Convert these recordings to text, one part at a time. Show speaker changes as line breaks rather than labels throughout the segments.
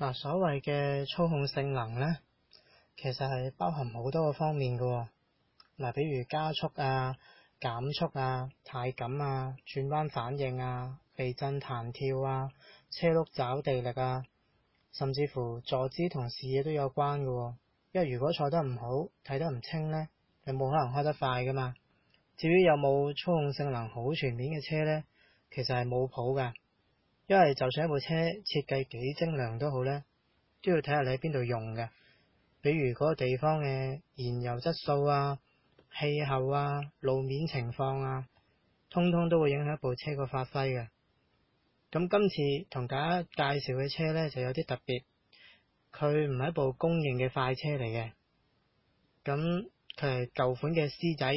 嗱，所謂嘅操控性能呢，其實係包含好多個方面嘅喎。嗱，比如加速啊、減速啊、胎感啊、轉彎反應啊、避震彈跳啊、車轆抓地力啊，甚至乎坐姿同視野都有關嘅喎、哦。因為如果坐得唔好、睇得唔清呢，你冇可能開得快噶嘛。至於有冇操控性能好全面嘅車呢，其實係冇譜㗎。因為就算一部車設計幾精良都好呢都要睇下你喺邊度用嘅。比如嗰個地方嘅燃油質素啊、氣候啊、路面情況啊，通通都會影響一部車個發揮嘅。咁今次同大家介紹嘅車呢，就有啲特別，佢唔係一部公認嘅快車嚟嘅，咁佢係舊款嘅 C 仔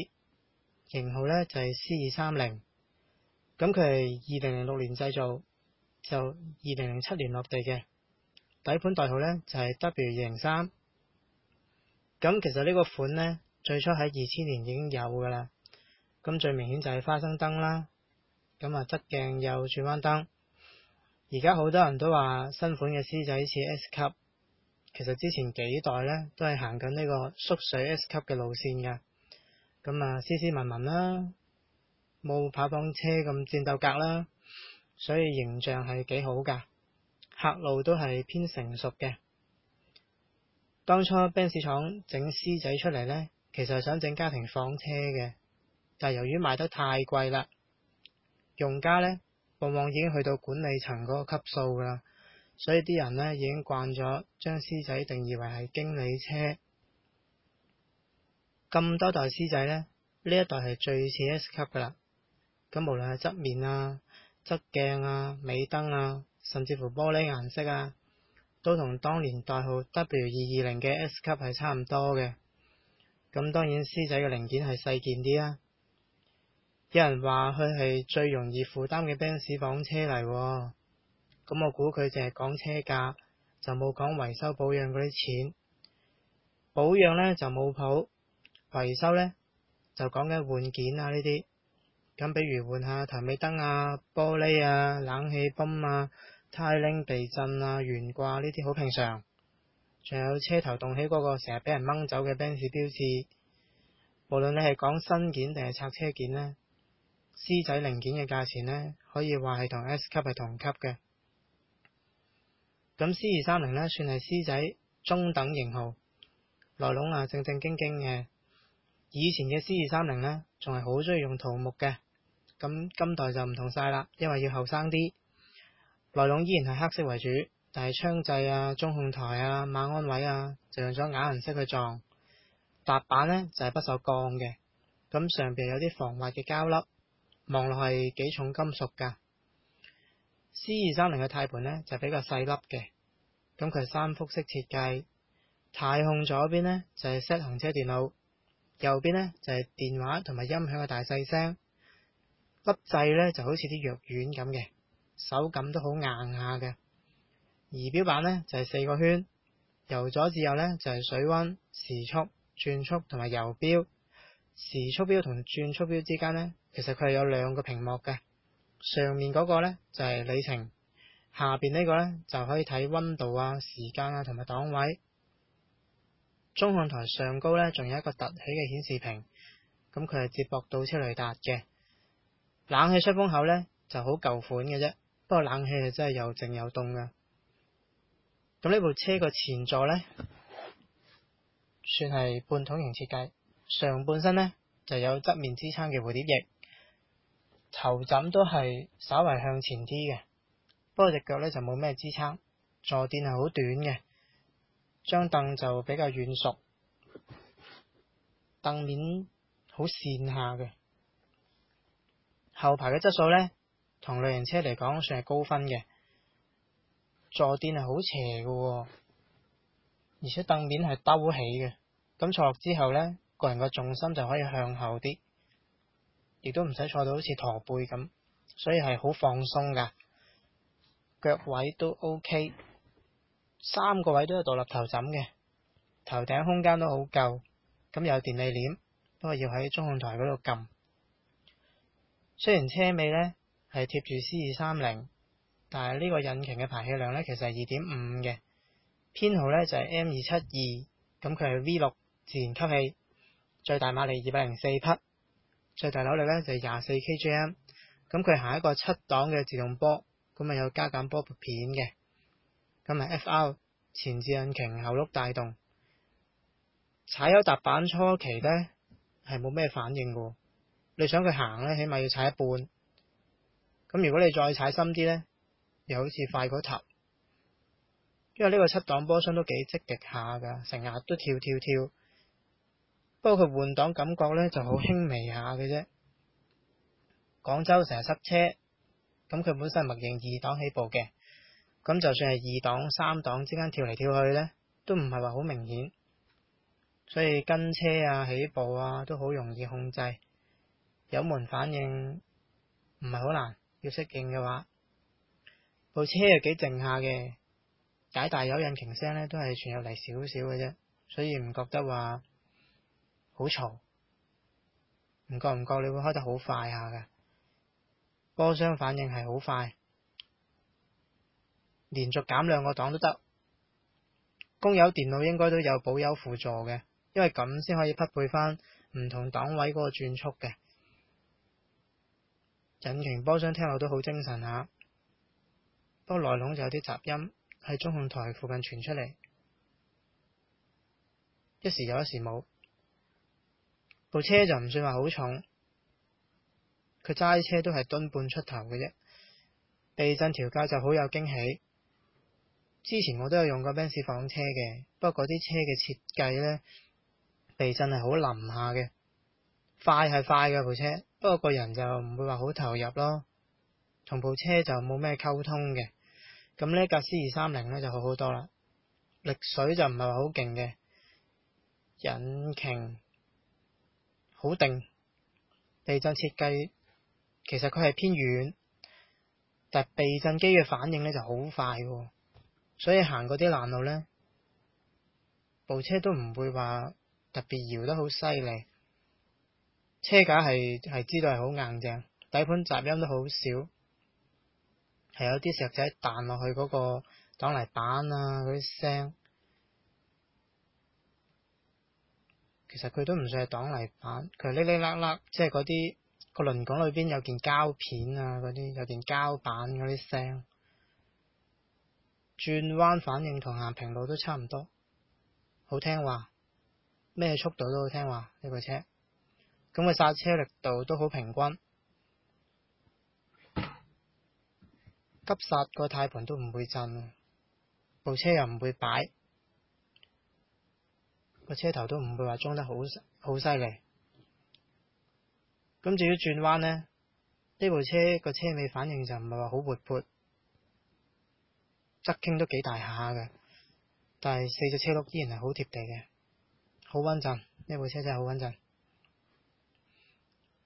型號呢就係 C 二三零，咁佢係二零零六年製造。就二零零七年落地嘅，底盤代號呢就係 W 二零三，咁其實呢個款呢，最初喺二千年已經有噶啦，咁最明顯就係花生燈啦，咁啊側鏡又轉彎燈，而家好多人都話新款嘅 C 仔似 S 級，其實之前幾代呢都係行緊呢個縮水 S 級嘅路線噶，咁啊斯斯文文啦，冇跑房車咁戰鬥格啦。所以形象係幾好噶，客路都係偏成熟嘅。當初 Benz 廠整獅仔出嚟呢，其實想整家庭房車嘅，但由於賣得太貴啦，用家呢往往已經去到管理層嗰個級數啦，所以啲人呢已經慣咗將獅仔定義為係經理車。咁多代獅仔呢，呢一代係最似 S 級噶啦，咁無論係側面啊、側鏡啊、尾燈啊，甚至乎玻璃顏色啊，都同當年代號 W 二二零嘅 S 級係差唔多嘅。咁當然，師仔嘅零件係細件啲啦、啊。有人話佢係最容易負擔嘅 Benz 房車嚟、啊，咁我估佢淨係講車價，就冇講維修保養嗰啲錢。保養呢，就冇譜，維修呢，就講緊換件啊呢啲。咁，比如換下頭尾燈啊、玻璃啊、冷氣泵啊、胎拎避震啊、懸掛呢啲好平常。仲有車頭動起嗰個成日俾人掹走嘅 Benz 標誌。無論你係講新件定係拆車件呢，C 仔零件嘅價錢呢，可以話係同 S 級係同級嘅。咁 C 二三零呢，算係 C 仔中等型號，內籠啊正正經經嘅。以前嘅 C 二三零呢，仲係好中意用桃木嘅。咁今代就唔同曬啦，因為要後生啲。內籠依然係黑色為主，但係窗製啊、中控台啊、馬鞍位啊，就用咗啞銀色去撞。踏板呢，就係不鏽鋼嘅，咁上邊有啲防滑嘅膠粒，望落係幾重金屬㗎。C 二三零嘅軚盤呢，就比較細粒嘅，咁佢係三幅式設計。軚控左邊呢，就係 set 行車電腦，右邊呢，就係電話同埋音響嘅大細聲。粒掣咧就好似啲藥丸咁嘅，手感都好硬下嘅。儀錶板呢就係四個圈，由左至右呢就係水溫、時速、轉速同埋油標。時速表同轉速表之間呢，其實佢係有兩個屏幕嘅，上面嗰個呢就係里程，下邊呢個呢就可以睇溫度啊、時間啊同埋檔位。中控台上高呢仲有一個凸起嘅顯示屏，咁佢係接駁倒車雷達嘅。冷氣出風口呢就好舊款嘅啫，不過冷氣係真係又靜又凍嘅。咁呢部車個前座呢，算係半桶型設計，上半身呢就有側面支撐嘅蝴蝶翼，頭枕都係稍微向前啲嘅，不過隻腳呢，就冇咩支撐，坐墊係好短嘅，張凳就比較軟熟，凳面好線下嘅。後排嘅質素呢，同類型車嚟講算係高分嘅，坐墊係好斜嘅，而且凳面係兜起嘅，咁坐落之後呢，個人個重心就可以向後啲，亦都唔使坐到好似駝背咁，所以係好放鬆噶，腳位都 OK，三個位都有獨立頭枕嘅，頭頂空間都好夠，咁又有電力簾，不過要喺中控台嗰度撳。雖然車尾呢係貼住 C 二三零，但係呢個引擎嘅排氣量呢，其實係二點五嘅，編號呢就係、是、M 二七二，咁佢係 V 六自然吸氣，最大馬力二百零四匹，最大扭力呢就係廿四 kGm，咁佢係一個七檔嘅自動波，咁啊有加減波片嘅，咁係 F.R. 前置引擎後轆帶動，踩油踏板初期呢，係冇咩反應嘅。你想佢行咧，起碼要踩一半。咁如果你再踩深啲咧，又好似快過頭。因為呢個七檔波箱都幾積極下㗎，成日都跳跳跳。不過佢換檔感覺咧就好輕微下嘅啫。廣州成日塞車，咁佢本身係默認二檔起步嘅，咁就算係二檔三檔之間跳嚟跳去咧，都唔係話好明顯。所以跟車啊、起步啊都好容易控制。有門反應唔係好難，要適應嘅話，部車又幾靜下嘅，解大有引擎聲咧，都係傳入嚟少少嘅啫，所以唔覺得話好嘈，唔覺唔覺你會開得好快下嘅，波箱反應係好快，連續減兩個檔都得，公有電腦應該都有補油輔助嘅，因為咁先可以匹配翻唔同檔位嗰個轉速嘅。引擎波箱聽落都好精神下，不過內籠就有啲雜音喺中控台附近傳出嚟，一時有，一時冇。部車就唔算話好重，佢揸啲車都係噸半出頭嘅啫。避震調校就好有驚喜，之前我都有用過 Benz 房車嘅，不過啲車嘅設計呢，避震係好腍下嘅，快係快嘅部車。不過個人就唔會話好投入咯，同部車就冇咩溝通嘅。咁呢架 C230 咧就好好多啦，力水就唔係話好勁嘅，引擎好定，避震設計其實佢係偏軟，但避震機嘅反應咧就好快，所以行嗰啲爛路咧，部車都唔會話特別搖得好犀利。車架係係知道係好硬淨，底盤雜音都好少，係有啲石仔彈落去嗰個擋泥板啊嗰啲聲，其實佢都唔算係擋泥板，佢係哩哩啦啦，即係嗰啲個輪拱裏邊有件膠片啊嗰啲，有件膠板嗰啲聲，轉彎反應同行平路都差唔多，好聽話，咩速度都好聽話呢部車。咁個剎車力度都好平均，急剎個軚盤都唔會震，部車又唔會擺，個車頭都唔會話裝得好好犀利。咁至於轉彎呢，呢部車個車尾反應就唔係話好活潑，側傾都幾大下嘅，但係四隻車轆依然係好貼地嘅，好穩陣。呢部車真係好穩陣。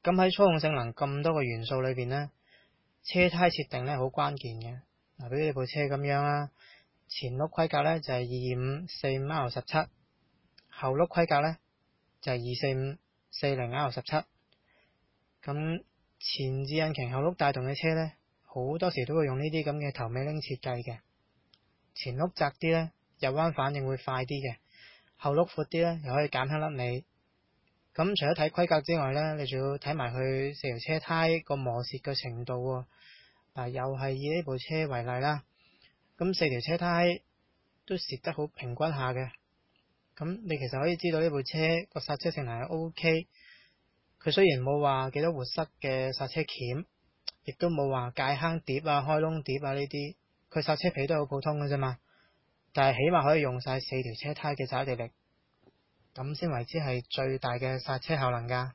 咁喺操控性能咁多個元素裏邊呢，車胎設定呢好關鍵嘅。嗱，比如你部車咁樣啦，前轆規格呢就係二二五四五 R 十七，後轆規格呢就係二四五四零 R 十七。咁前置引擎後轆帶動嘅車呢，好多時都會用呢啲咁嘅頭尾拎設計嘅。前轆窄啲呢，入彎反應會快啲嘅；後轆闊啲呢，又可以減輕甩尾。咁除咗睇規格之外呢，你仲要睇埋佢四條車胎個磨蝕嘅程度喎。嗱，又係以呢部車為例啦。咁四條車胎都蝕得好平均下嘅。咁你其實可以知道呢部車個剎車性能係 OK。佢雖然冇話幾多活塞嘅剎車鉗，亦都冇話界坑碟啊、開窿碟啊呢啲，佢剎車皮都好普通嘅啫嘛。但係起碼可以用晒四條車胎嘅剎地力。咁先為之係最大嘅剎車效能㗎。